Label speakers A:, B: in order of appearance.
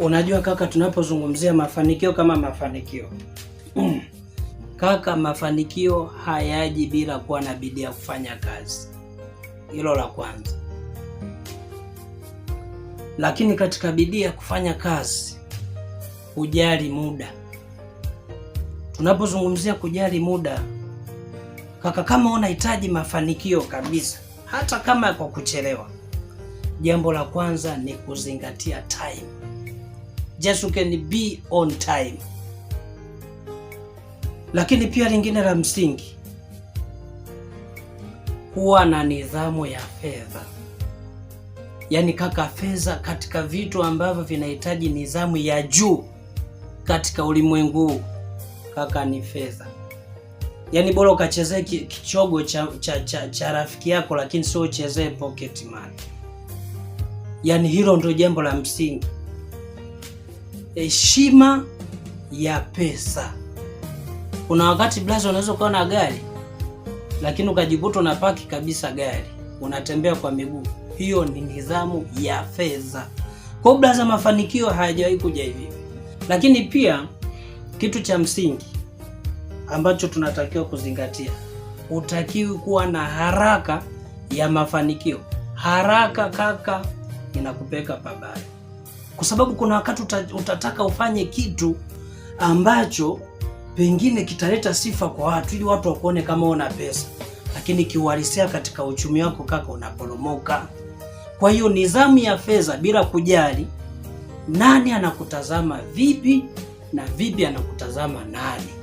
A: Unajua kaka, tunapozungumzia mafanikio kama mafanikio mm. Kaka, mafanikio hayaji bila kuwa na bidii ya kufanya kazi, hilo la kwanza. Lakini katika bidii ya kufanya kazi, kujali muda. Tunapozungumzia kujali muda, kaka, kama unahitaji mafanikio kabisa, hata kama kwa kuchelewa, jambo la kwanza ni kuzingatia time just you can be on time. Lakini pia lingine la msingi, huwa na nidhamu ya fedha. Yaani kaka, fedha katika vitu ambavyo vinahitaji nidhamu ya juu katika ulimwengu kaka, ni fedha. Yaani bora ukachezee kichogo cha, cha, cha, cha rafiki yako, lakini sio uchezee pocket money. Yaani hilo ndio jambo la msingi heshima ya pesa. Kuna wakati blaza, unaweza ukawa na gari lakini ukajikuta unapaki kabisa gari, unatembea kwa miguu. Hiyo ni nidhamu ya fedha. Kwa blaza, mafanikio hayajawahi kuja hivi. Lakini pia kitu cha msingi ambacho tunatakiwa kuzingatia, hutakiwi kuwa na haraka ya mafanikio. Haraka kaka, inakupeka pabaya kwa sababu kuna wakati utataka ufanye kitu ambacho pengine kitaleta sifa kwa watu, ili watu wakuone kama una pesa, lakini kiuhalisia katika uchumi wako kaka, unaporomoka. Kwa hiyo nidhamu ya fedha, bila kujali nani anakutazama vipi na vipi anakutazama nani.